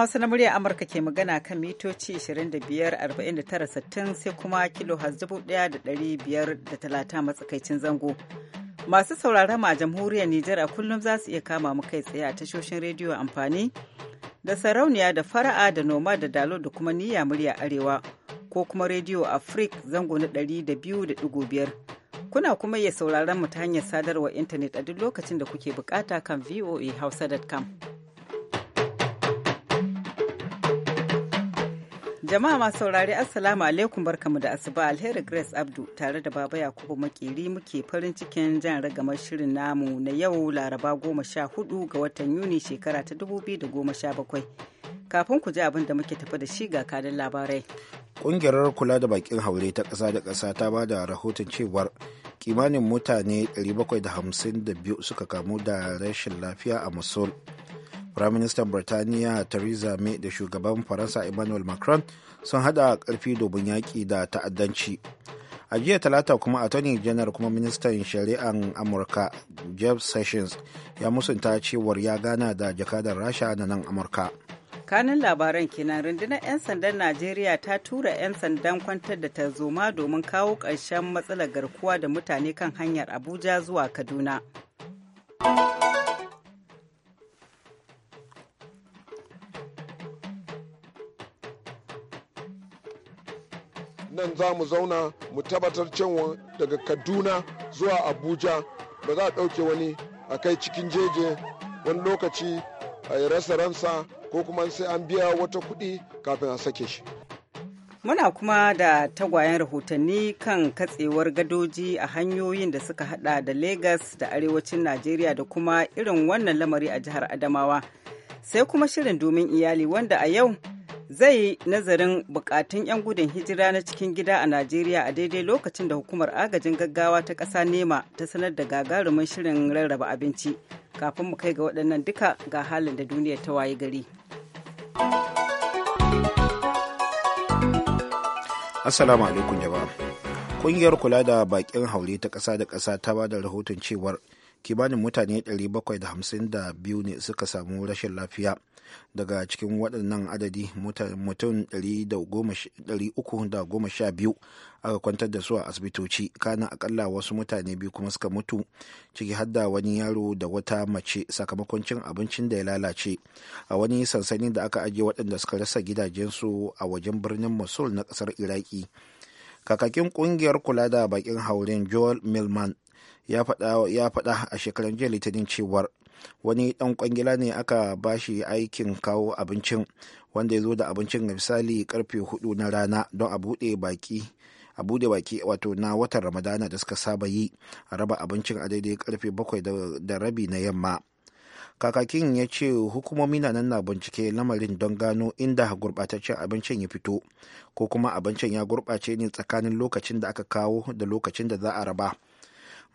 Hausa na murya Amurka ke magana kan mitoci 25,49,60 sai kuma kilo talata matsakaicin zango. Masu sauraron ma jamhuriyar Nijar a kullum za su iya kama mu kai tsaye a tashoshin rediyo amfani da sarauniya da fara'a da noma da dalo da kuma niyya murya arewa ko kuma rediyo Afrik zango na 200.5. Kuna kuma iya sauraron mu ta hanyar sadarwar intanet a duk lokacin da kuke bukata kan voahausa.com. Jama'a masu saurari Assalamu alaikum barkamu da asuba alheri Grace Abdu tare da Baba Yakubu Makeri muke farin cikin jan ragamar shirin namu na yau Laraba goma sha hudu ga watan Yuni shekara ta dubu biyu da goma sha bakwai. Kafin ku ji abin da muke tafi da shi ga kanin labarai. Ƙungiyar kula da bakin haure ta kasa da kasa ta ba da rahoton cewar kimanin mutane 752 suka kamu da rashin lafiya a Mosul. Firaministan Birtaniya Theresa May da shugaban Faransa Emmanuel Macron sun hada karfi domin yaƙi da ta'addanci. A jiya talata kuma a Attorney General kuma ministan shari'an Amurka Jeff Sessions ya musunta cewar ya gana da jakadar Rasha na nan Amurka. Kanin labaran kenan rundunar 'yan sandan Najeriya ta tura 'yan sandan kwantar da tarzoma domin kawo ƙarshen matsalar garkuwa da mutane kan hanyar Abuja zuwa Kaduna. nan za mu zauna mu tabbatar cewa daga kaduna zuwa abuja ba za a ɗauke wani a kai cikin jeje wani lokaci a rasa ransa ko kuma sai an biya wata kuɗi kafin a sake shi muna kuma da tagwayen rahotanni kan katsewar gadoji a hanyoyin da suka hada da lagos da arewacin najeriya da kuma irin wannan lamari a jihar adamawa sai kuma shirin domin iyali wanda a yau zai yi nazarin bukatun 'yan gudun hijira na cikin gida a najeriya a daidai lokacin da hukumar agajin gaggawa ta ƙasa nema ta sanar da gagarumin shirin rarraba abinci kafin mu kai ga waɗannan duka ga halin da duniya ta waye gari assalamu alaikum jama'a kungiyar kula da baƙin haure ta ƙasa da ƙasa ta ba da rahoton cewar kimanin mutane 752 ne suka samu rashin lafiya daga cikin waɗannan adadi mutum 312 aka kwantar da su a asibitoci kana akalla wasu mutane biyu kuma suka mutu ciki hadda wani yaro da wata mace sakamakon cin abincin da ya lalace a wani sansani da aka ajiye waɗanda suka rasa gidajensu a wajen birnin mosul na ƙasar iraki kakakin ƙungiyar kula da bakin hauren joel milman ya faɗa a shekaran jiya litinin cewar wani ɗan kwangila ne aka bashi aikin kawo abincin wanda ya zo da abincin ga misali karfe hudu na rana don a buɗe baki a bude baki wato na watan ramadana da suka saba yi a raba abincin a daidai karfe bakwai da rabi na yamma kakakin ya ce hukumomi na nan na bincike lamarin don gano inda gurɓataccen abincin ya fito ko kuma abincin ya gurɓace ne tsakanin lokacin da aka kawo da lokacin da za a raba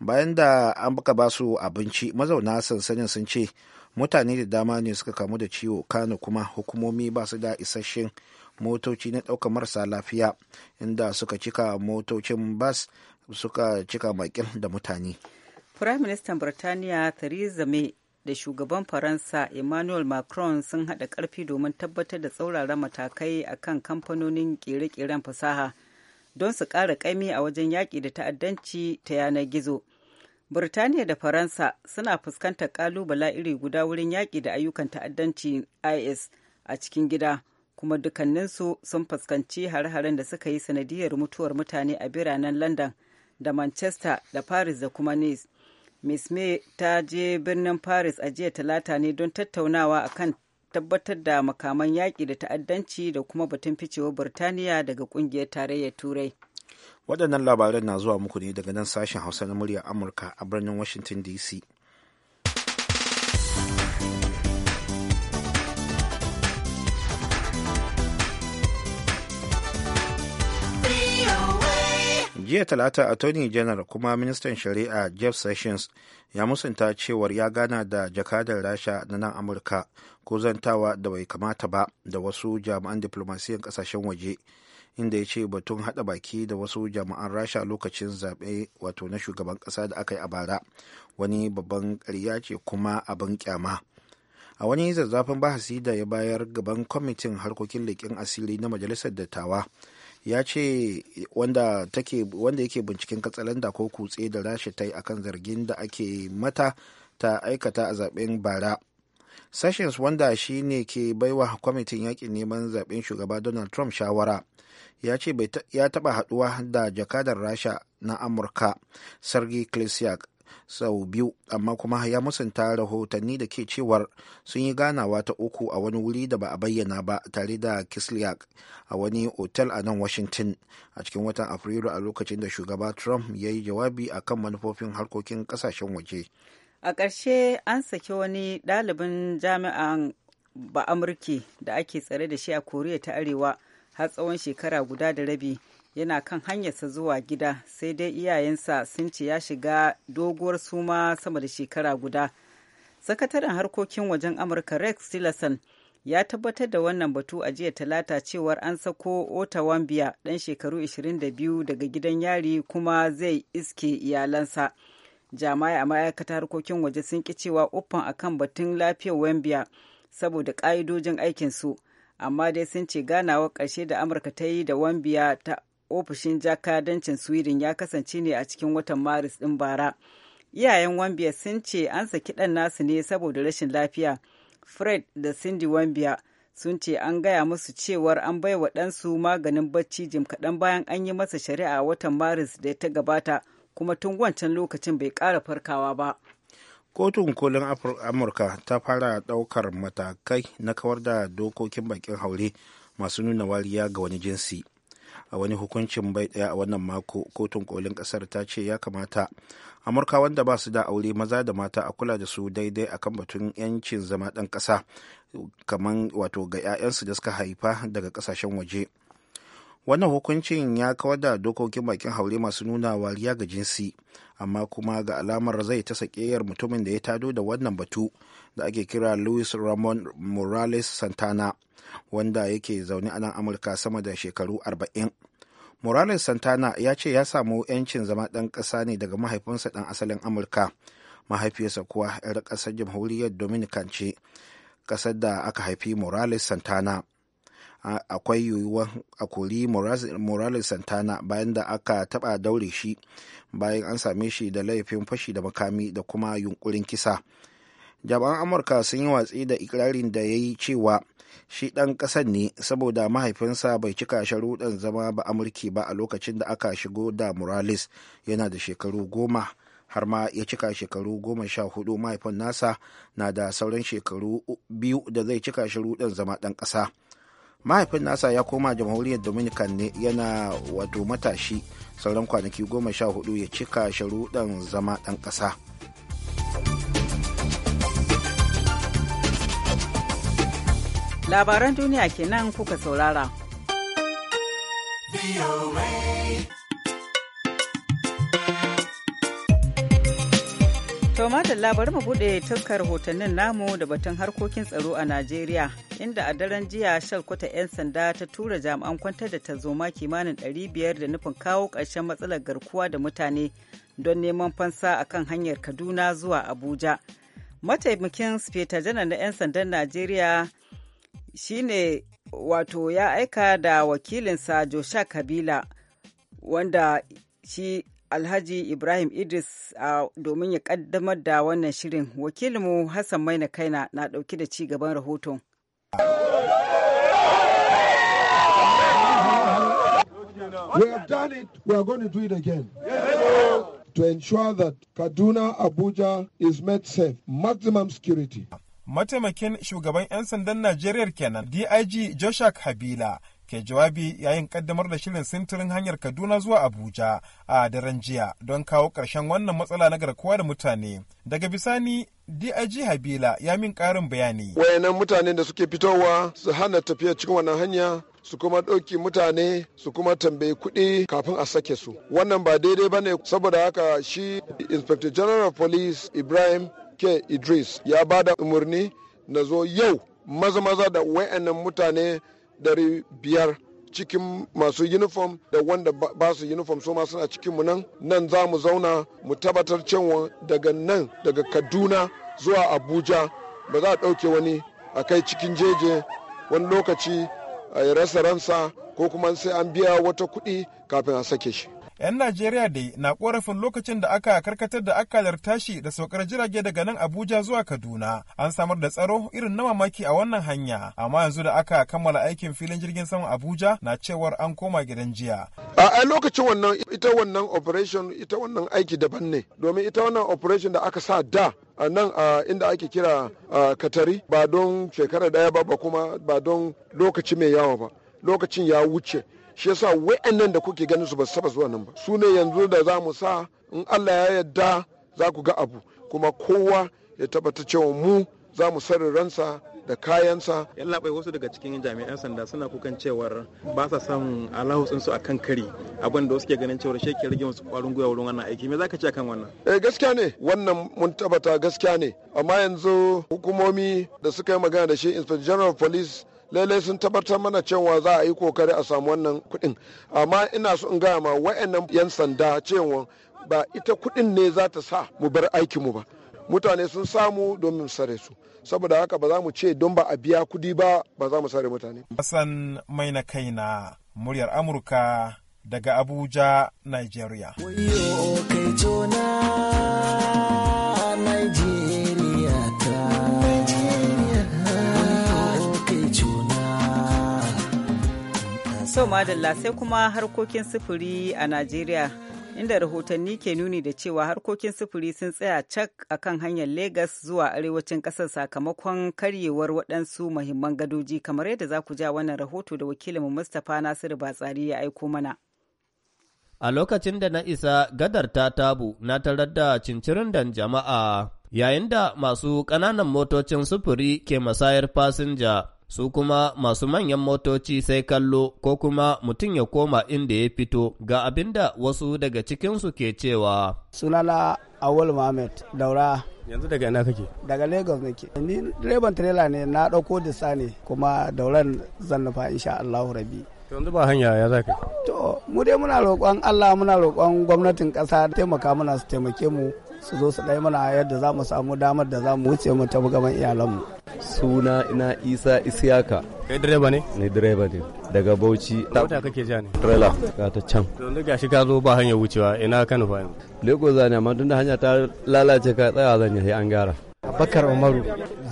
bayan da an baka ba su abinci mazauna sansanin sun ce mutane da dama ne suka kamu da ciwo kano kuma hukumomi ba su da isasshen motoci na ɗaukar marasa lafiya inda suka cika motocin bas suka cika makin da mutane firayim ministan birtaniya theresa may da shugaban faransa emmanuel macron sun haɗa karfi domin tabbatar da tsauraran matakai akan kamfanonin kere-keren fasaha don su ƙara ƙaimi a wajen yaƙi da ta'addanci ta yanar gizo. Burtaniya da Faransa suna fuskantar ƙalubala iri guda wurin yaƙi da ayyukan ta'addanci IS a cikin gida, kuma dukkaninsu sun fuskanci har-haren da suka yi sanadiyar mutuwar mutane a biranen London da Manchester da Paris da kuma Nice. Miss May ta je birnin Paris a jiya talata ne don tattaunawa akan tabbatar da makaman yaƙi da ta'addanci da kuma batun ficewar Burtaniya daga ƙungiyar tarayyar Turai. Waɗannan labaran na zuwa muku ne daga nan sashen Hausa na muryar Amurka a birnin Washington DC. jiya talata a tony general kuma ministan shari'a jeff sessions ya musanta cewar ya gana da jakadar rasha na nan amurka ko zantawa da bai kamata ba da wasu jami'an diplomasiyan kasashen waje inda ya ce batun hada baki da wasu jami'an rasha lokacin zabe wato na shugaban ƙasa da aka yi a bara wani babban ƙarya ce kuma abin kyama a wani zazzafin bahasi da ya bayar gaban kwamitin harkokin leƙen asiri na majalisar dattawa ya ce wanda yake binciken katsalanda ko kutse da rasha ta yi a kan zargin da ake mata ta aikata a zaben bara sessions wanda shi ne ke baiwa kwamitin yakin neman zaben shugaba donald trump shawara ya ce ya taba haduwa da jakadar rasha na amurka sergei klesiak sau biyu amma kuma ya musanta rahotanni da ke cewar sun yi ganawa ta uku a wani wuri da ba a bayyana ba tare da kisliak a wani otel a nan washington a cikin watan afrilu a lokacin da shugaba trump ya yi jawabi a kan manufofin harkokin kasashen waje a ƙarshe an saki wani ɗalibin jami'an ba amurki da ake tsare da shi a koriya ta arewa har tsawon shekara guda da rabi yana kan hanyarsa zuwa gida sai dai iyayensa sun ce ya shiga doguwar suma sama da shekara guda sakataren harkokin wajen amurka rex tillerson ya tabbatar da wannan batu a jiya talata cewar an sako wambia dan shekaru 22 daga gidan yari kuma zai iske iyalansa jama'a a ma'aikatar harkokin waje sun ki cewa uffan akan batun lafiyar wambia saboda ƙa'idojin aikinsu amma dai sun ce ganawa ƙarshe da amurka ta yi da wambiya ta ofishin jakadancin sweden ya kasance ne a cikin watan maris ɗin bara iyayen wambia sun ce an saki ɗan nasu ne saboda rashin lafiya fred da cindy wambia sun ce an gaya musu cewar an bai wa ɗansu maganin bacci jim kaɗan bayan an yi masa shari'a watan maris da ta gabata kuma tun wancan lokacin bai ƙara farkawa ba kotun kolin amurka ta fara ɗaukar matakai na kawar da dokokin bakin haure masu nuna wariya ga wani jinsi a wani hukuncin bai daya a wannan mako kotun kolin kasar ta ce ya kamata amurka wanda ba su da aure maza da mata a kula da su daidai akan batun yancin zama ɗan ƙasa kamar wato ga 'ya'yansu da suka haifa daga kasashen waje wannan hukuncin ya kawar da dokokin bakin haure masu nuna wariya ga jinsi amma kuma ga alamar zai ta sakeyar mutumin da ya tado da wannan batu da ake kira luis ramon morales santana wanda yake zaune a nan amurka sama da shekaru 40 morales santana ya ce ya samu 'yancin zama ɗan ƙasa ne daga mahaifinsa ɗan asalin amurka mahaifiyarsa kuwa 'yar ƙasar jamhuriyar dominican ce ƙasar da aka haifi morales santana akwai yiwuwar a kori morales santana bayan da aka taba daure shi bayan an same shi da laifin fashi da makami da kuma yunkurin kisa jami'an amurka sun yi watsi da ikirarin da ya yi cewa shi ɗan ƙasar ne saboda mahaifinsa bai cika sharuɗan zama ba amurki ba a lokacin da aka shigo da morales yana da shekaru goma har ma ya cika shekaru goma sha hudu mahaifin nasa na da sauran shekaru biyu da zai cika sharuɗan zama ɗan ƙasa mahaifin nasa ya koma jamhuriyar dominican ne yana wato matashi sauran kwanaki goma sha hudu ya cika sharuɗan zama ɗan ƙasa labaran duniya kenan kuka saurara. To madalla bari mu bude taskar hotonnin namu da batun harkokin tsaro a Najeriya inda a daren jiya shalkwata 'yan sanda ta tura jami'an kwantar da tarzoma kimanin 500 da nufin kawo ƙarshen matsalar garkuwa da mutane don neman fansa a kan hanyar Kaduna zuwa Abuja. Mataimakin Sufeta janar na 'yan sandan Najeriya shine wato ya aika da wakilinsa Joshua Kabila wanda shi Alhaji Ibrahim Idris domin ya kaddamar da wannan shirin. Wakilinmu Hassan Maina Kaina na ɗauki da ci gaban rahoton. We have done it, we are going to do it again. To ensure that Kaduna Abuja is made safe, maximum security. Mataimakin shugaban 'yan sandan Najeriya kenan, DIG Joshak Habila. ke jawabi yayin kaddamar da shirin sintirin hanyar Kaduna zuwa Abuja a daren jiya don kawo ƙarshen wannan matsala na garkuwa da mutane. Daga bisani DIG Habila ya min karin bayani. Wayannan mutane da suke fitowa su hana tafiya cikin wannan hanya su kuma ɗauki mutane su kuma tambayi kuɗi kafin a sake su. Wannan ba daidai ba ne saboda haka shi Inspector General of Police Ibrahim K. Idris ya ba da umarni na zo yau maza-maza da wayannan mutane ɗari biyar cikin masu uniform da wanda ba su uniform su ma suna cikin nan nan za mu zauna mu tabbatar cewa daga nan daga kaduna zuwa abuja ba za a ɗauke wani a kai cikin jeje wani lokaci a rasa ransa ko kuma sai an biya wata kuɗi kafin a sake shi 'Yan Najeriya dai na korafin lokacin da aka karkatar da akalar tashi da saukar jirage daga nan Abuja zuwa Kaduna. An samar da tsaro irin na mamaki a wannan hanya, amma yanzu da aka kammala aikin filin jirgin saman Abuja na cewar an koma gidan jiya. A lokacin wannan ita wannan operation ita wannan aiki daban ne, domin ita wannan operation da aka sa da a nan a inda ake kira a katari ba don shekara daya ba ba kuma ba don lokaci mai yawa ba lokacin ya wuce shi yasa wayannan da kuke ganin su ba saba zuwa nan ba su ne yanzu da za mu sa in Allah ya yadda za ku ga abu kuma kowa ya tabbata cewa mu za mu sarri ransa da kayansa. Yan labai wasu daga cikin jami'an sanda suna kukan cewar ba sa samun alahutsin su akan kari abin da suke ganin cewar shi ke rage musu kwarin gwiwa wurin wannan aiki me zaka ce akan wannan? Eh gaskiya ne wannan mun tabbata gaskiya ne amma yanzu hukumomi da suka yi magana da shi inspector general police lallai sun tabbatar mana cewa za a yi kokari a samu wannan kuɗin amma ina so in gaya ma wa'annan 'yan sanda cewa ba ita kuɗin ne za ta sa mu bar aikinmu ba mutane sun samu domin sare su saboda haka ba za mu ce don ba a biya kudi ba ba za mu sare mutane. Hassan mai na kai na muryar Amurka daga Abuja, Nigeria. To madalla sai kuma harkokin sufuri a Najeriya inda rahotanni ke nuni da cewa harkokin sufuri sun tsaya cak a kan hanyar Legas zuwa arewacin kasar sakamakon karyewar waɗansu mahimman gadoji kamar yadda za ku ja wannan rahoto da wakilinmu Mustapha Nasiru Batsari ya aiko mana. A lokacin da na isa gadar ta tabu na tarar da cincirin dan jama'a yayin da masu ƙananan motocin sufuri ke masayar fasinja. su kuma masu manyan motoci sai kallo ko kuma mutum ya koma inda ya fito ga abin da wasu daga cikinsu ke cewa. Sunana Awul Mohammed Daura. Yanzu daga ina kake? Daga Lagos nake. Ni direban tirela ne na ɗauko disa ne kuma dauran zan nufa insha Allahu rabi. yanzu ba hanya ya za To mu dai muna roƙon Allah muna roƙon gwamnatin ƙasa taimaka muna su taimake mu su zo su ɗai mana yadda za mu samu damar da za mu wuce mu tafi gaban iyalanmu. Suna ina Isa Isiyaka. Kai direba ne? Ni direba ne. Daga Bauchi. wata kake ja ne? Trela. Ga ta can. Yanzu ga shi ka zo ba hanyar wucewa ina Kano fa. Lagos za ne amma hanya ta lalace ka tsaya zan yi an gara. Bakar Umaru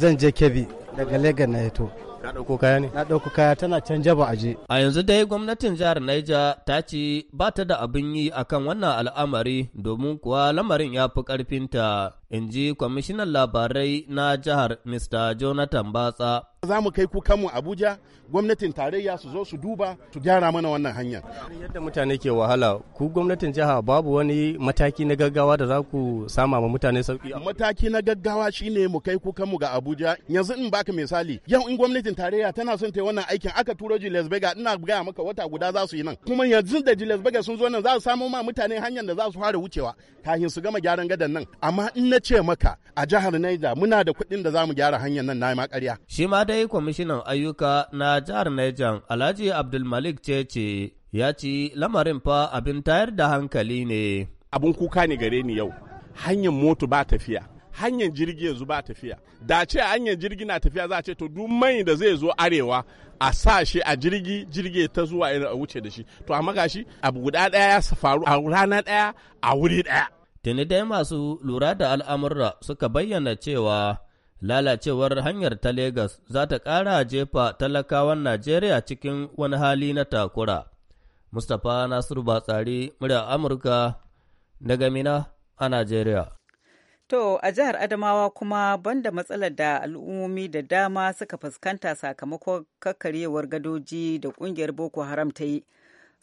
zan je Kebbi daga Lagos na to. na ɗauko kaya ne? Na ɗauko kaya tana can jaba aje. A yanzu dai gwamnatin jihar Niger ta ce ba ta da abin yi akan wannan al'amari domin kuwa lamarin ya fi ƙarfinta. in ji kwamishinan labarai na jihar Mr. Jonathan Batsa. Za mu kai kukanmu Abuja, gwamnatin tarayya su zo su duba su gyara mana wannan hanya. Yadda mutane ke wahala, ku gwamnatin jiha babu wani mataki na gaggawa da za ku sama ma mutane sauki. Mataki na gaggawa shine mu kai kukanmu ga Abuja. Yanzu in baka misali, yau in gwamnatin tarayya tana son ta yi wannan aikin aka turo Jules Bega ina gaya maka wata guda za su yi nan. Kuma yanzu da Jules Bega sun zo nan za su samo ma mutane hanyar da za su fara wucewa kafin su gama gyaran gadan nan. Amma in na ce maka a jihar Niger muna da kuɗin da zamu gyara hanyar nan na ma Shi ma dai kwamishinan ayyuka na jihar Niger Alhaji Abdulmalik Cece ya ci lamarin fa abin tayar da hankali ne. Abin kuka ne gare ni yau. Hanyar moto ba tafiya. hanyar jirgi yanzu ba tafiya da ce hanyar jirgi na tafiya za a ce to duk mai da zai zo arewa a sa shi a jirgi jirgi ta zuwa irin a wuce da shi to amma gashi abu guda daya ya faru a rana daya a wuri daya Tuni dai masu lura da al'amurra suka bayyana cewa lalacewar hanyar ta Legas za ta ƙara jefa talakawan Najeriya cikin wani hali na takura. Mustapha Nasiru Batsari, murya Amurka, daga Mina a Najeriya. To, a jihar Adamawa kuma banda matsalar da al'ummomi da dama suka fuskanta sakamakon kakkaryewar gadoji da ƙungiyar Boko Haram ta yi.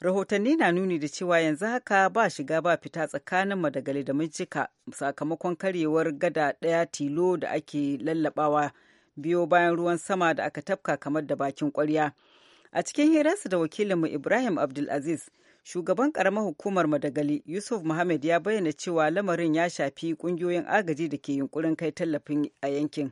rahotanni na nuni da cewa yanzu haka ba shiga ba fita tsakanin madagali da mijika sakamakon karyewar gada daya tilo da ake lallabawa biyo bayan ruwan sama da aka tafka kamar da bakin kwarya a cikin hirarsa da wakilinmu ibrahim abdulaziz shugaban karamar hukumar madagali yusuf muhammed ya bayyana cewa lamarin ya shafi kungiyoyin agaji da ke yunkurin kai tallafin a yankin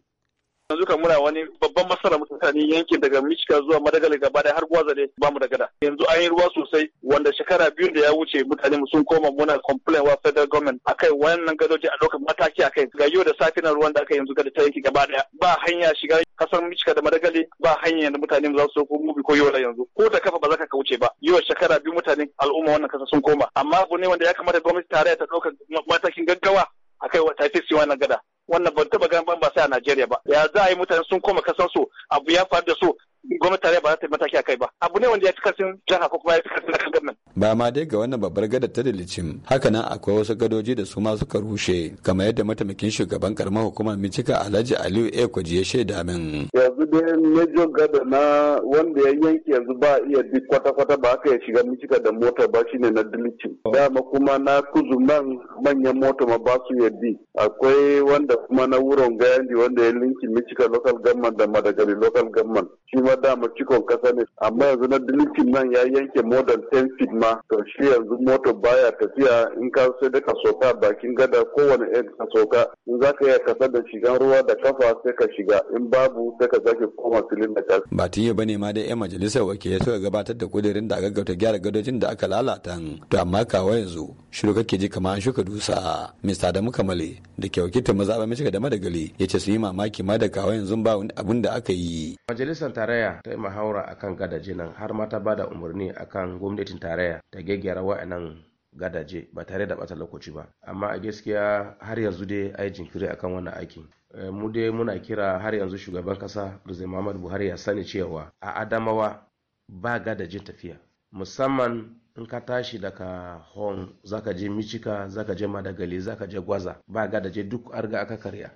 yanzu kan muna wani babban masara mutane yankin daga michigan zuwa madagali gaba da har gwaza ne ba mu da gada yanzu an yi ruwa sosai wanda shekara biyu da ya wuce mutane mu sun koma muna complain wa federal government akai wannan gadoji a lokacin mataki akai ga yau da safi na ruwan da aka yanzu gada ta yanki gaba ba hanya shiga kasar michigan da madagali ba hanya da mutane za su ko mubi ko yau yanzu ko da kafa ba za ka kauce ba yau shekara biyu mutane al'umma wannan kasa sun koma amma abu ne wanda ya kamata gwamnati tare ta ɗauka matakin gaggawa akai wa tafi siwa na gada wannan ban taba ganin ba sai a Najeriya ba ya za a yi mutane sun koma kasan su abu ya faru da su gwamnati tarayya ba za ta yi mataki a kai ba abu ne wanda ya fi karfin jiha ko kuma ya fi karfin local gwamnati. ba ma dai ga wannan babbar gadar ta dalicin hakanan akwai wasu gadoji da su ma suka rushe kamar yadda mataimakin shugaban karamar hukumar mincika alhaji aliyu ekoji ya shaida min yanzu dai Mejo gada na wanda ya yanke yanzu ba iya duk kwata-kwata ba aka ya shiga mincika da mota ba shi ne na dalicin dama kuma na man manyan mota ma ba su yaddi akwai wanda kuma na wurin gayandi wanda ya linki mincika local government da madagali local government shi kuma dama cikon kasa ne amma yanzu na dilikin nan ya yanke modern ten 10 feet ma to shi yanzu moto baya tafiya in ka sai da ka soka bakin gada kowane ɗan ka in za ka iya kasa da shigan ruwa da kafa sai ka shiga in babu sai ka zaki koma filin da kasa. ba ta bane ma da yan majalisar wakilai suka gabatar da kudirin da aka gaggauta gyara gadojin da aka lalata to amma kawo yanzu shiru kake ji kamar an shuka dusa mista da male da ke wakiltar mazaɓa michiga da madagali ya ce su yi mamaki ma da kawo yanzu ba wani abin da aka yi. majalisar tarayya tarayya ta yi mahaura a kan gadaje nan har ma ta da umarni a kan gwamnatin tarayya ta gyaggyara wa'annan gadaje ba tare da bata lokaci ba amma a gaskiya har yanzu dai a yi jinkiri kan wannan aikin eh, mu dai muna kira har yanzu shugaban kasa rizai Muhammad Buhari ya sani cewa a Adamawa ba gadaje tafiya musamman in ka tashi daga hong zaka je michika zaka je madagali zaka je gwaza ba gadaje duk arga aka karya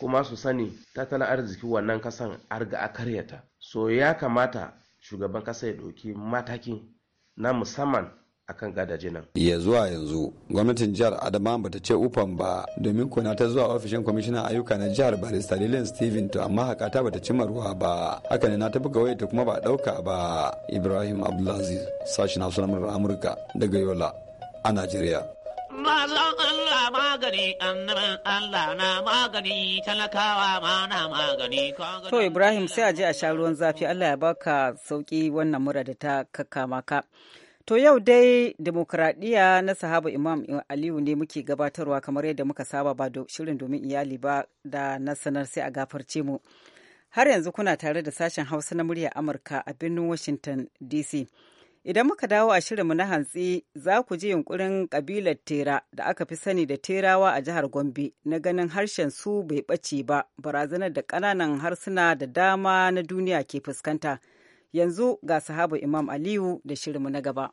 kuma su sani tattalin arziki wannan kasan arga a karyata so ya kamata shugaban kasa ya ɗauki matakin, na musamman akan gadaje nan. Ya zuwa yanzu gwamnatin jihar Adama ba ta ce ufan ba domin kuna ta zuwa ofishin kwamishinan ayyuka na jihar Barista Lillian Steven to amma hakata bata cimma ruwa ba haka ne na ta buga wai ta kuma ba ɗauka ba Ibrahim Abdulaziz sashen Hausa na Amurka daga Yola a Najeriya. Mazan Allah magani, Allah na magani, talakawa ma To Ibrahim sai a je a sha ruwan zafi Allah ya baka sauki wannan mura da ta kakkama ka. To yau dai demokradiyya na sahaba Imam Aliyu ne muke gabatarwa kamar yadda muka saba ba shirin domin iyali ba da na sanar sai a gafarce mu. Har yanzu kuna tare da sashen Hausa na murya Amurka a birnin Washington DC. Idan muka dawo a shirinmu na hantsi za ku ji yunkurin kabilar tera da aka fi sani da terawa a jihar Gombe na ganin harshen su bai ɓace ba barazanar da ƙananan harsuna da dama na duniya ke fuskanta. Yanzu ga sahaba Imam Aliyu da shirinmu na gaba.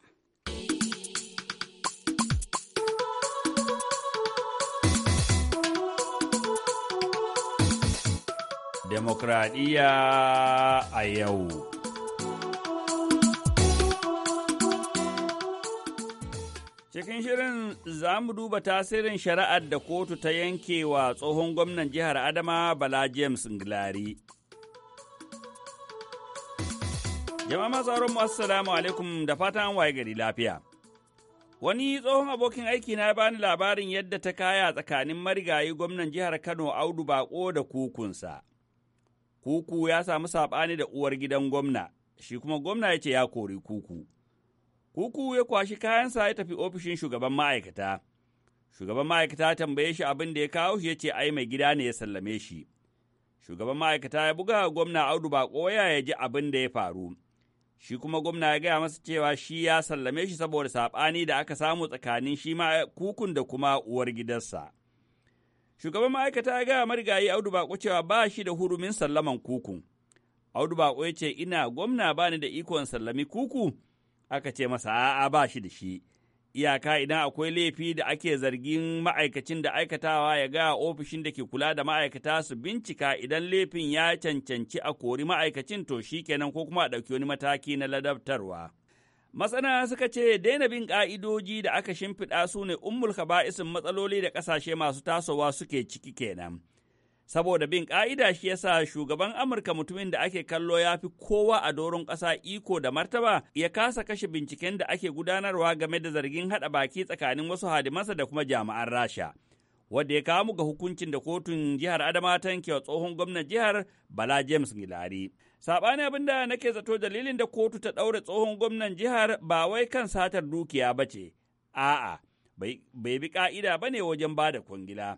Demokradiyya a yau. Cikin shirin za mu duba tasirin shari'ar da kotu ta yanke wa tsohon gwamnan jihar Adama Bala James Ngilari. Jama'a masu mu assalamu alaikum da fatan an waye gari lafiya. Wani tsohon abokin aiki na bani labarin yadda ta kaya tsakanin marigayi gwamnan jihar Kano Audu Bako da kukunsa. Kuku ya samu saɓani da uwar gidan gwamna, shi kuma gwamna ya ce ya kori kuku. Kuku ya kwashi kayansa ya tafi ofishin shugaban ma'aikata. Shugaban ma'aikata ya tambaye shi abin da ya kawo shi ya ce ai mai gida ne ya sallame shi. Shugaban ma'aikata ya buga gwamna Audu Bakoya ya ji abin da ya faru. Shi kuma gwamna ya gaya masa cewa shi ya sallame shi saboda saɓani da aka samu tsakanin shi ma kukun da kuma uwar gidansa. Shugaban ma'aikata ya gaya marigayi Audu Bako cewa ba shi da hurumin sallaman kukun. Audu Bako ya ce ina gwamna ba ni da ikon sallami kuku. aka ce masa a'a ba shi da shi. Iyaka idan akwai laifi da ake zargin ma'aikacin da aikatawa ya gaya ofishin da ke kula da ma'aikata su bincika idan laifin ya cancanci a kori ma'aikacin to shi kenan ko kuma a ɗauki wani mataki na ladabtarwa. Masana suka ce daina bin ka'idoji da aka shimfiɗa su ne ummul isin matsaloli da ƙasashe masu tasowa suke ciki kenan. Saboda bin ƙa'ida shi ya sa shugaban Amurka mutumin da ake kallo ya fi kowa a doron ƙasa iko da martaba ya kasa kashe binciken da ake gudanarwa game da zargin haɗa baki tsakanin wasu hadimansa da kuma jami'an Rasha. Wadda ya kawo ga hukuncin da kotun jihar Adama ta yanke wa tsohon gwamnan jihar Bala James Gilari. Saɓani abin da nake zato dalilin da kotu ta ɗaure tsohon gwamnan jihar ba wai kan satar dukiya ba ce, a'a, bai bi ƙa'ida ba ne wajen ba da kwangila.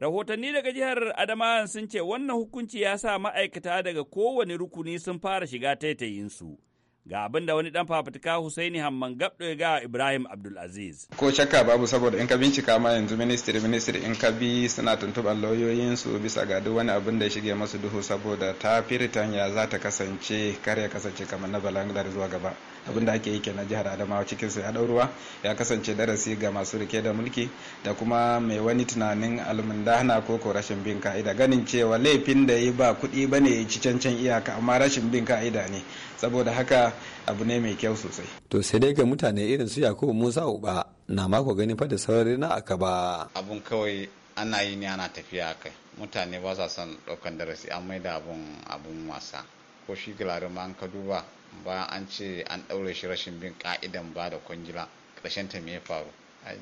Rahotanni daga jihar Adamawa sun ce wannan hukunci ya sa ma'aikata daga kowane rukuni sun fara shiga taitayinsu. ga abin da wani dan fafutuka Husaini Hamman Gabdo ya ga Ibrahim Abdulaziz. Ko shakka babu saboda in ka bincika ma yanzu ministry ministry in ka bi suna tuntuɓar lauyoyin su bisa ga duk wani abin da ya shige masu duhu saboda ta Firitanya za ta kasance kar ya kasance kamar na Balangar zuwa gaba. Abin da ake yi kenan jihar Adamawa cikin su ya ɗauruwa ya kasance darasi ga masu rike da mulki da kuma mai wani tunanin almundana ko ko rashin bin ka'ida ganin cewa laifin da ya ba kuɗi bane ya ci cancan iyaka amma rashin bin ka'ida ne saboda haka abu ne mai kyau sosai to sai dai ga mutane irin su yakubu musa uba na mako gani fa da saurari na aka ba abun kawai ana yi ne ana tafiya kai mutane ba sa son ɗaukan darasi an mai da abun abun wasa ko shi gilarin ma an ka duba ba an ce an ɗaure shi rashin bin ka'idan ba da kwangila ƙarshen ta me ya faru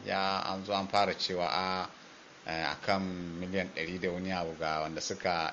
ya an zo an fara cewa a akan miliyan ɗari da wani abu ga wanda suka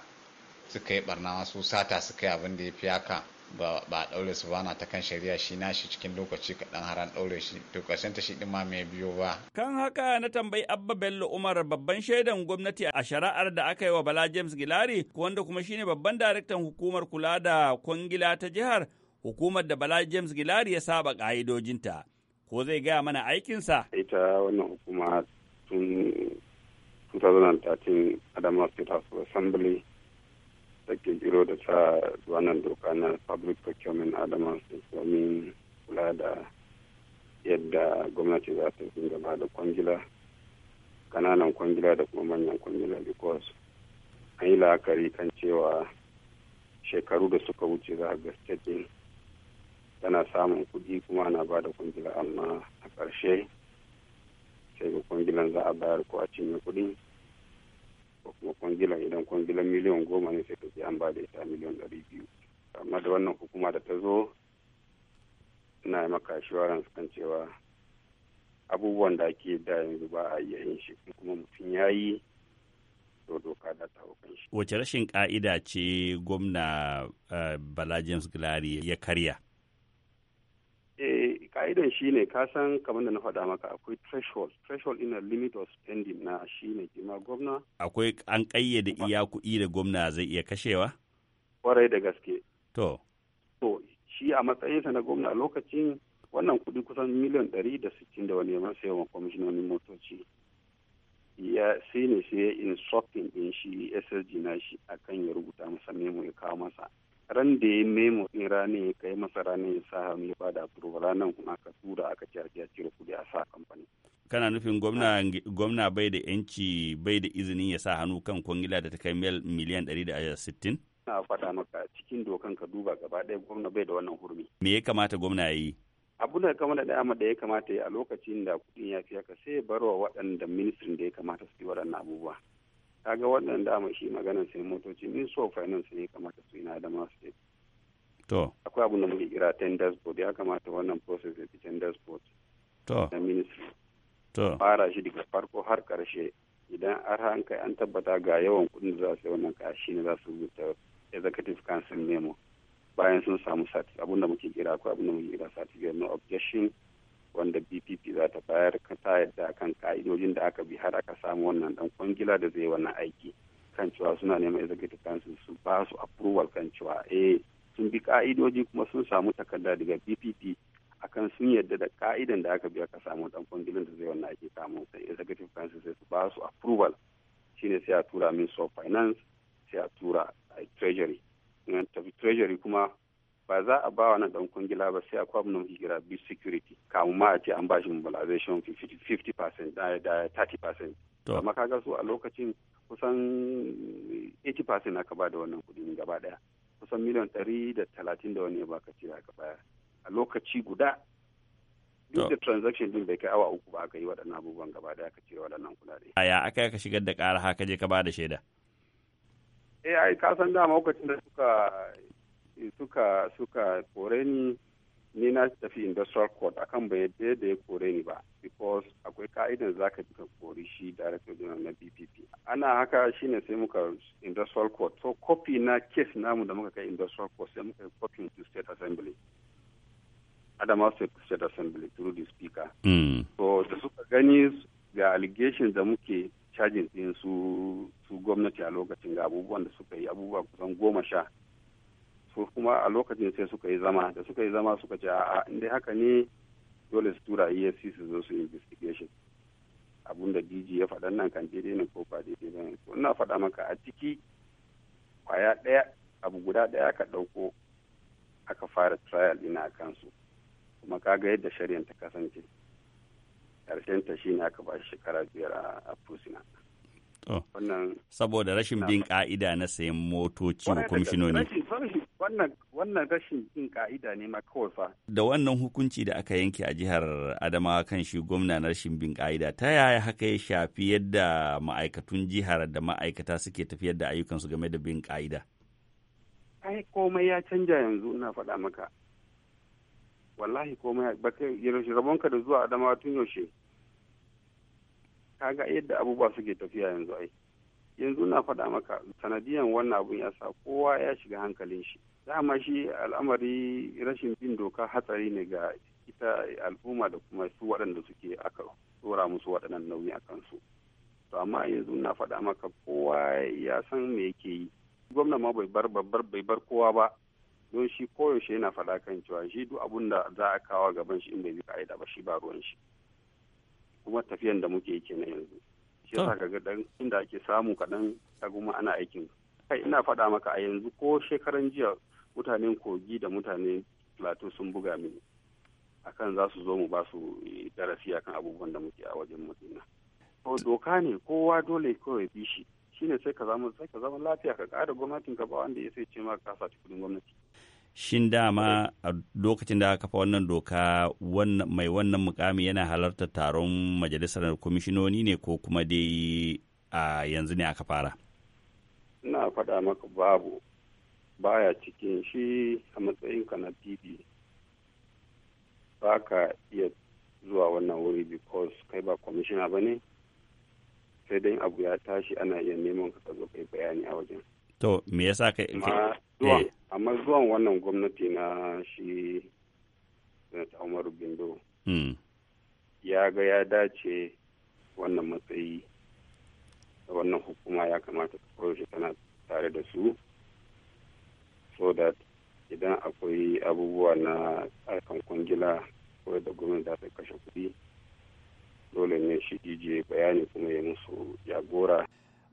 suka yi barna su sata suka yi abin da ya fi haka ba a ɗaure su ba na ta kan shari'a shi na shi cikin lokaci kaɗan har an ɗaure shi to ƙarshen ta shi ɗin ma mai biyo ba. kan haka na tambayi abba bello umar babban shaidan gwamnati a shari'ar da aka yi wa bala james gilari wanda kuma shine babban daraktan hukumar kula da kwangila ta jihar hukumar da bala james gilari ya saba ƙa'idojinta ko zai gaya mana aikinsa. ita wannan hukuma tun 2013 adamawa state house assembly ta jiro da sa wannan doka na public procurement adamansu domin kula da yadda gwamnati za ta yi gaba da kwangila kananan kwangila da kuma manyan kwangila because an yi la'akari kan cewa shekaru da suka wuce za a gaske tana samun kuɗi kuma ana ba da kwangila amma a ƙarshe sai ga kwangilan za a bayar ko a cinye kuɗi ko kuma kwangilan idan kwangilan miliyan goma ne sai ka an ba da ita miliyan ɗari biyu amma da wannan hukuma da ta zo yi maka su kan cewa abubuwan da ake da yanzu ba a iya yin shi kuma mutum ya yi to doka da ta hukun shi. Wace rashin ka'ida ce gwamna eh, Bala James Glari ya karya? Eh ka'idan shi ne kasan san kamar da na faɗa maka akwai threshold threshold ina limit of spending na shi ne kima gwamna akwai an ƙayyade iya kuɗi da gwamna zai iya kashewa kwarai da gaske to to shi a matsayinsa na gwamna lokacin wannan kuɗi kusan miliyan ɗari da sittin da wani yamma sai wa kwamishinonin motoci ya sai ne sai ya instructing ɗin shi ssg na shi akan ya rubuta masa memo ya kawo masa ran da ya memo in ranar ya kai masa ranar ya sa hannu ya bada approval ranar kuma aka tura aka ci cire kuɗi a sa kamfani. kana nufin gwamna gwamna bai da yanci bai da izinin ya sa hannu kan kwangila da ta kai miliyan ɗari da sittin. na faɗa maka cikin dokan ka duba gaba ɗaya gwamna bai da wannan hurmi. me ya kamata gwamna ya yi. abu da kamar da da ya kamata ya a lokacin da kuɗin ya fi haka sai barwa waɗanda ministrin da ya kamata su yi waɗannan abubuwa. kaga wannan dama shi magana sai motoci ni so finance ne kamata su ina da masu ne to akwai abin da muke kira tenders board ya kamata wannan process ya fi tenders board to na ministry to fara shi daga farko har karshe idan har an kai an tabbata ga yawan kuɗin da za su yi wannan kashi ne za su rubuta executive council memo bayan sun samu abin da muke kira akwai abin da muke kira certificate no objection wanda bpp za ta bayar kasa yadda kan ka'idojin da aka bi har aka samu wannan dan kwangila da zai wannan aiki kan cewa suna neman executive council su ba su approval kan cewa eh sun bi ka'idoji kuma sun samu takarda daga bpp akan sun yadda da ka'idan da aka bi aka samu dan kwangilan da zai wannan aiki samu sai executive council sai su ba su approval shine sai a tura min so finance sai a tura eh, treasury in tafi treasury kuma ba za a ba wa na dan kungila ba sai a nan hijira bi security kamun ma a ce an bashi mobilization 50% da 30% amma kaga su a lokacin kusan 80% aka ba da wannan kudin gaba daya kusan miliyan 130 da wani ba ka cire aka baya a lokaci guda duk da transaction din bai kai awa uku ba aka yi waɗannan abubuwan gaba daya aka cire waɗannan kudade aya aka ka shigar da ƙara haka je ka ba da shaida eh ai ka san da lokacin da suka suka suka kore ni ni na tafi industrial court akan bai yadda da ya kore ni ba because akwai ka'idan za ka ka kori shi director general na bpp ana haka shine sai muka industrial court so copy na case namu da muka kai industrial court sai muka copy to state assembly adama state, assembly through the speaker hmm. so da suka gani ga allegations da muke charging din su su gwamnati a lokacin ga abubuwan da suka yi abubuwa kusan goma sha ko kuma a lokacin sai suka yi zama da suka yi zama suka ce a inda haka ne dole su tura efcc su zo su investigation abun da dg ya faɗan nan kan daidai ne ko ba daidai ba ko ina faɗa maka a ciki kwaya ɗaya abu guda ɗaya ka ɗauko aka fara trial ina a kansu kuma kaga yadda shari'ar ta kasance ƙarshen ta shine aka ba shi shekara biyar a fusina oh. saboda rashin bin ka'ida na sayan motoci wa kwamishinoni Wannan rashin yin ka'ida ne ma kawai fa. Da wannan hukunci da aka yanke a jihar Adamawa kan shi gwamna na rashin bin ka'ida ta yaya haka ya shafi yadda ma'aikatun jihar da ma'aikata suke tafiyar da ayyukansu game da bin ka'ida? Ai komai ya canja yanzu ina faɗa maka. Wallahi komai ba rabon rabonka da zuwa Adamawa tun yaushe. Ka ga yadda abubuwa suke tafiya yanzu ai. yanzu na faɗa maka sanadiyan wannan abun ya sa kowa ya shiga hankalin shi dama shi al'amari rashin bin doka hatsari ne ga ita al'umma da kuma su waɗanda suke aka tsora musu waɗannan nauyi a kansu to amma yanzu na faɗa maka kowa ya san me yake yi gwamna ma bai bar babbar bai bar kowa ba don shi koyaushe yana faɗa kan cewa shi duk abun da za a kawo gaban shi in bai bi ka'ida ba shi ba ruwan shi kuma tafiyan da muke yi kenan yanzu shi yasa kaga dan inda ake samu kaɗan kuma ana aikin kai ina faɗa maka a yanzu ko shekaran jiya mutanen kogi da mutane plateau sun buga mini akan za su zo mu ba su darasi akan abubuwan da muke a wajen madina ko doka ne kowa dole kawai bi shi shine sai ka zama ka zama lafiya ka ƙara gwamnatin ka ba wanda ya sai ce ma ka saci kudin gwamnati shin dama a lokacin da aka kafa wannan doka mai wannan mukami yana halartar taron majalisar kwamishinoni ne ko kuma dai a yanzu ne aka fara na faɗa maka babu baya cikin shi a matsayinka na pd ba ka iya zuwa wannan wuri because kai ba kwamishina ba ne sai dai abu ya tashi ana iya neman ka zo kai bayani a wajen to me yasa kai zuwan eh. amma zuwan wannan gwamnati na shi sanata umaru bindo hmm. ya ga ya dace wannan matsayi da wannan hukuma ya kamata ta kuro tana tare da su so that idan akwai abubuwa na harkan kwangila ko da gwamnati za ta kashe kuɗi dole ne shi ije bayani kuma ya musu jagora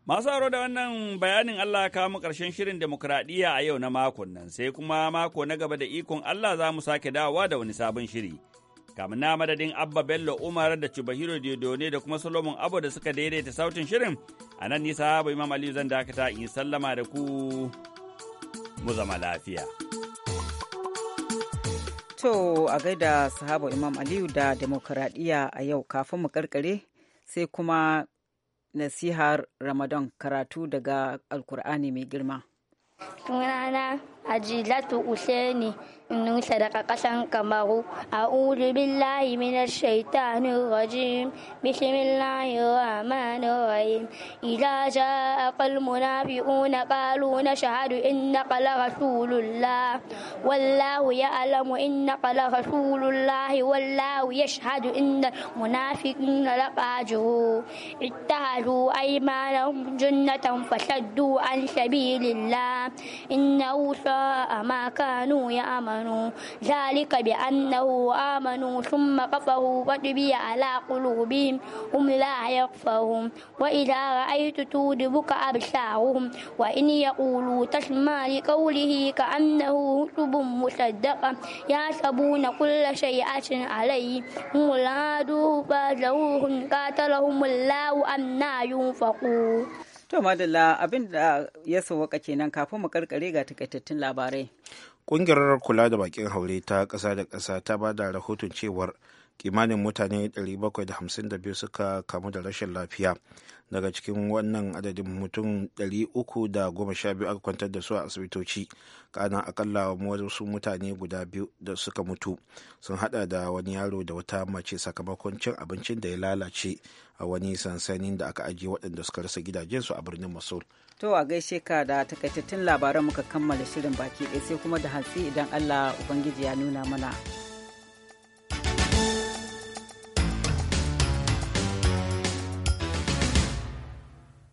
Masu aro da wannan bayanin Allah ka mu ƙarshen shirin demokuraɗiyya a yau na makon nan sai kuma mako na gaba da ikon Allah za mu sake dawowa da wani sabon shiri. Kamun na madadin Abba Bello Umar da Cibahiro Diodone da kuma Solomon Abu da suka daidaita sautin shirin a nan nisa Abu Imam Aliyu zan dakata in sallama da ku mu zama lafiya. To a gaida sahabu Imam Aliyu da demokuraɗiyya a yau kafin mu karkare sai kuma nasihar Ramadan karatu daga Alkur'ani mai girma. Sunana أجلة تؤساني إنه سرق قسم كمره أعوذ بالله من الشيطان الرجيم بسم الله الرحمن الرحيم إذا جاء المنافقون قالوا نشهد إنك لرسول الله والله يعلم إنك لرسول الله والله يشهد إن المنافقين لقاجه اتخذوا أيمانهم جنة فسدوا عن سبيل الله إنه ما كانوا يأمنوا ذلك بأنه آمنوا ثم قفه وتبي على قلوبهم هم لا يقفهم وإذا رأيت تودبك أبشارهم وإن يقولوا تسمع لقوله كأنه كتب مصدقة يحسبون كل شيء عليه هم لا فازوهم قاتلهم الله أنا ينفقون To madalla abin da ya sauwaka kenan kafin mu karkare ga takaitattun labarai. Ƙungiyar kula da bakin haure ta ƙasa da ƙasa ta ba da rahoton cewar kimanin mutane 752 suka kamu da rashin lafiya daga cikin wannan adadin mutum 312 aka kwantar da su a asibitoci kana akalla wasu mutane guda biyu da suka mutu sun hada da wani yaro da wata mace sakamakon cin abincin da ya lalace a wani sansanin da aka ajiye waɗanda suka rasa gidajensu a birnin masul to a gaishe ka da takaitattun labaran muka kammala shirin baki ɗaya sai kuma da hantsi idan allah ubangiji ya nuna mana